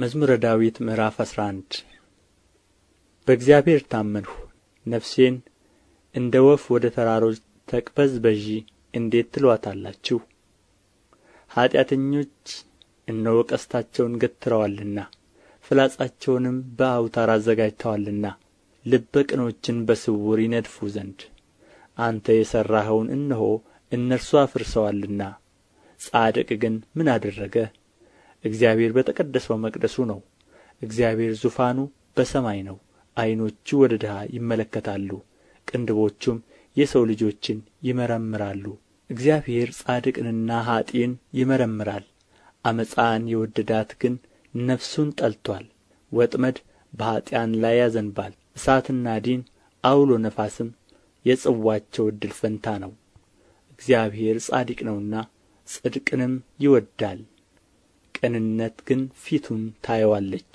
መዝሙረ ዳዊት ምዕራፍ አስራ አንድ በእግዚአብሔር ታመንሁ፣ ነፍሴን እንደ ወፍ ወደ ተራሮች ተቅበዝበዢ እንዴት ትሏታላችሁ? ኃጢአተኞች እነሆ ቀስታቸውን ገትረዋልና ፍላጻቸውንም በአውታር አዘጋጅተዋልና ልበ ቅኖችን በስውር ይነድፉ ዘንድ አንተ የሠራኸውን እነሆ እነርሱ አፍርሰዋልና ጻድቅ ግን ምን አደረገ? እግዚአብሔር በተቀደሰው መቅደሱ ነው እግዚአብሔር ዙፋኑ በሰማይ ነው አይኖቹ ወደ ድሃ ይመለከታሉ ቅንድቦቹም የሰው ልጆችን ይመረምራሉ እግዚአብሔር ጻድቅንና ኀጥእን ይመረምራል ዓመፃን የወደዳት ግን ነፍሱን ጠልቶአል ወጥመድ በኀጥኣን ላይ ያዘንባል እሳትና ዲን አውሎ ነፋስም የጽዋቸው ዕድል ፈንታ ነው እግዚአብሔር ጻድቅ ነውና ጽድቅንም ይወዳል። ቅንነት ግን ፊቱን ታየዋለች